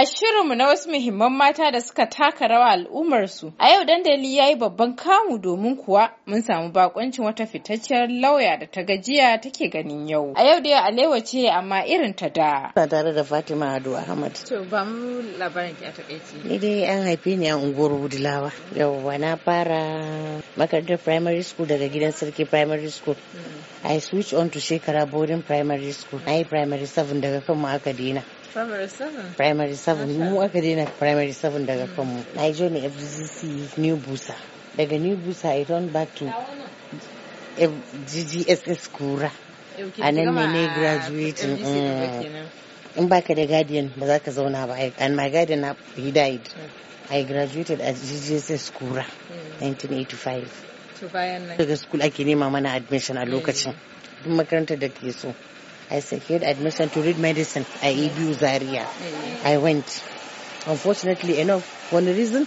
a shirinmu na wasu muhimman mata da suka taka rawa al'ummarsu. A yau dandali ya yi babban kamu domin kuwa mun samu bakoncin wata fitacciyar lauya da ta gajiya take ganin yau. A yau dai alewa ce amma irin ta da. Ba tare da Fatima Ado Ahmad. To ba mu labarin ki a takaice. Ni dai an haife ni a unguwar Yau ba na fara makarantar primary school daga gidan sarki primary school. Hmm. I switch on to shekara boarding primary school. Na yi primary 7 daga kan mu aka primary 7 mu aka daina primary 7 daga kanmu na join FGC new busa daga new busa i turn back to ggss kura a nan ne na graduating mm. in baka da guardian ba za ka zauna ba and my guardian uh, he died mm. i graduated at ggss kura 1985 mm. daga school ake nema mana admission a lokacin duk makarantar da ke so I secured admission to read medicine. I EBU Zaria. Eh. I went. Unfortunately enough, for one reason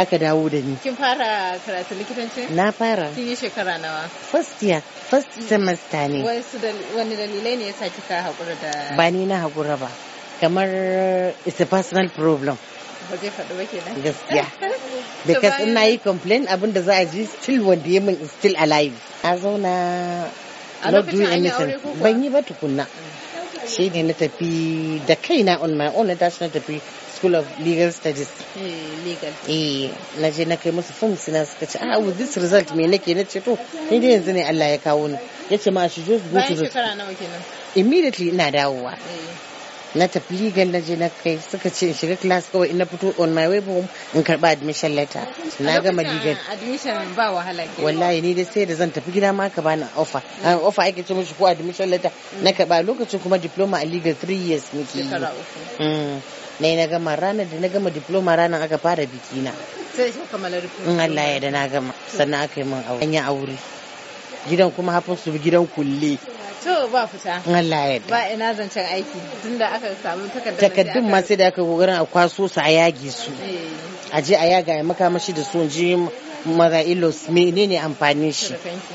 aka dawo da ni. Kin fara karatu likitanci? Na fara. Kin yi shekara nawa? First year, first mm. semester ne. Wani dalilai ne yasa kika haƙura da? Ba ni na haƙura ba. Kamar uh, it's a personal problem. Ba zai faɗi ba kenan. Gaskiya. Because ina yi complain abin da za a ji still wanda ya is still alive. A zauna not doing anything ban yi ba tukunna shi ne na tafi da kaina on my own na tashi na tafi school of legal studies eh, eh na je na kai musu forms na suka ce ah with this result me nake na ce to ni dai yanzu ne Allah ya kawo ni yace ma shi just go to the immediately ina dawowa eh. na tafi legal na je na kai suka ce in shiga class kawai in na fito on my way home in karba admission letter na gama legal admission ba wahala ke wallahi ni dai sai da zan tafi gida ma ka bani offer an ah, offer ake ce mishi ko admission letter na karba lokacin kuma diploma a legal 3 years nake yi mm. na na gama ranar da na gama diploma ranar aka fara biki na sai shi rufe in Allah ya da na gama sannan aka yi min aure an yi aure gidan kuma hafin su gidan kulle To ba fita. Allah ya Ba ina zancen aiki tunda aka samu takardun. Takardun ma sai da aka kokarin a kwaso su a yage su. Eh. A je a yaga ya makamashi da su ji maza ilos menene amfanin shi.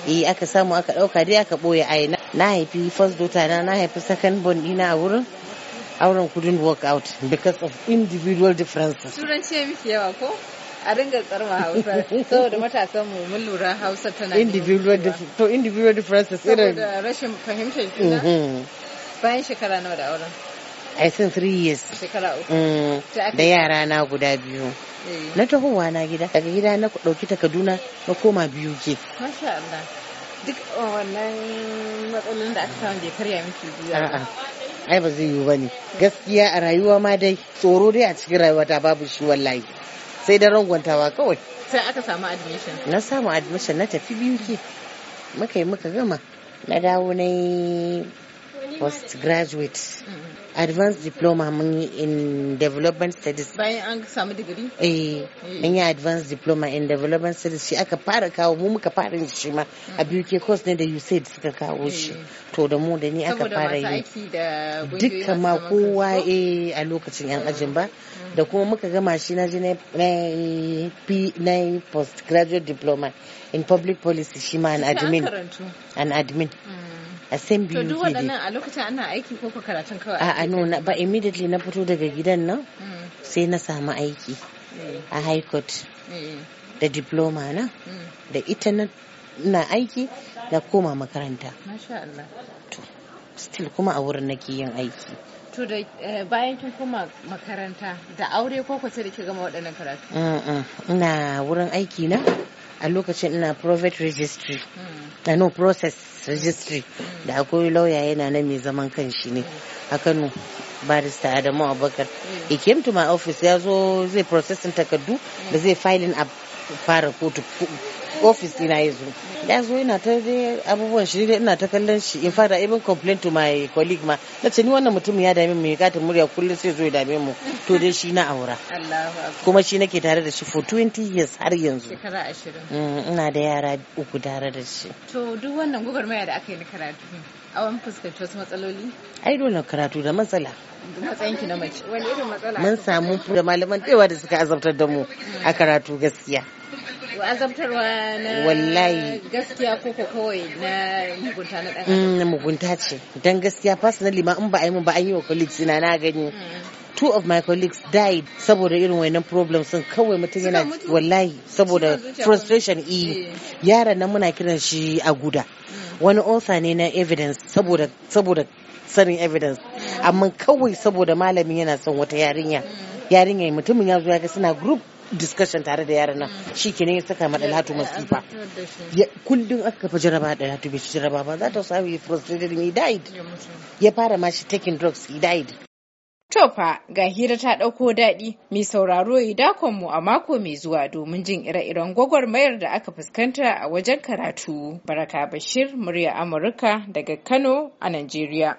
Eh aka samu aka dauka dai aka boye a na haifi first daughter na na haifi second born dina a wurin. Auren couldn't work out because of individual differences. Turanci ya miki yawa ko? a ringa tsarma hausa saboda matasan mu mun lura hausa tana individual to individual differences irin saboda rashin fahimtar juna mm-hmm. bayan shekara nawa da auren I think three years. Shekara uku. Mm. Da yara na guda biyu. Eh. Na tahowa na gida, daga gida na ɗauki takaduna na koma biyu ke. Masha Allah. Duk oh, wannan matsalolin da aka samu bai karya miki biyu. Ai ba zai yiwu ba ne. Gaskiya a rayuwa ma dai tsoro dai a cikin rayuwa ta babu shi wallahi. sai da rangwantawa kawai sai aka samu admission na samu admission na tafi biyu ke muka yi muka gama na dawo na yi postgraduate mm-hmm. advanced diploma mun yi in development studies bayan an samu digiri eh, eh mun yi advanced diploma in development studies shi aka fara kawo mu muka fara yin shi ma a mm. UK course ne da USAID suka kawo eh. shi to da mu da ni aka fara yi dukkan ma kowa eh a lokacin yan ajin ba mm. da kuma muka gama shi na je na yi postgraduate diploma in public policy shi ma an admin an admin mm. a san biyu ke duk waɗannan a lokacin ana aiki ko ko karatun kawai a no ba immediately na fito daga gidan nan mm. sai na samu aiki eh. a high court eh. da diploma na mm. da ita na aiki na koma makaranta still kuma a wurin nake yin aiki to da eh, bayan kin koma makaranta da aure ko kwace da ke gama waɗannan karatu ina wurin aiki na a lokacin ina private registry na mm. ah, no process registry mm. da akwai lauya yana na mai zaman kan shi ne a kano barista adamu abubakar mm. he came to my office ya zo zai processing takardu da zai filing a fara kotu Ofis dina ya zo ya zo yana ta abubuwan shi dai ina ta kallon shi in fada even complain to my colleague ma na ce ni wannan mutum ya dame mu ya katin murya kullum sai zo ya dame mu to dai shi na aura kuma shi nake tare da shi for 20 years har yanzu shekara 20 mm, ina da yara uku tare da shi to duk wannan gwagwarmaya da aka yi na karatu a wani fuskanci wasu matsaloli ai dole karatu da matsala matsayinki na mace wani irin matsala mun samu da malaman da yawa da suka azabtar da mu a karatu gaskiya azabtarwa na wallahi gaskiya ko kawai na mugunta na dan na mm, mugunta ce dan gaskiya personally ma in ba a yi mun ba an yi wa colleagues ina na gani mm. two of my colleagues died saboda irin wannan problems sun kawai mutum yana wallahi saboda frustration e yaran nan muna kiran shi a guda mm. wani author ne na evidence saboda saboda sanin evidence amma kawai saboda malamin yana son wata yarinya yarinya mutumin ya zo ya ga suna group discussion tare da yaran nan mm. shi ne ya saka ma dalhatu masifa kullum aka kafa jaraba dalhatu bai ci jaraba ba za ta samu ya frustrated me died ya fara mashi shi taking drugs he died To ga hira ta ɗauko daɗi mai sauraro dakon mu a mako mai zuwa domin jin ire-iren gwagwarmayar da aka fuskanta a wajen karatu. Baraka Bashir, murya Amurka daga Kano a Najeriya.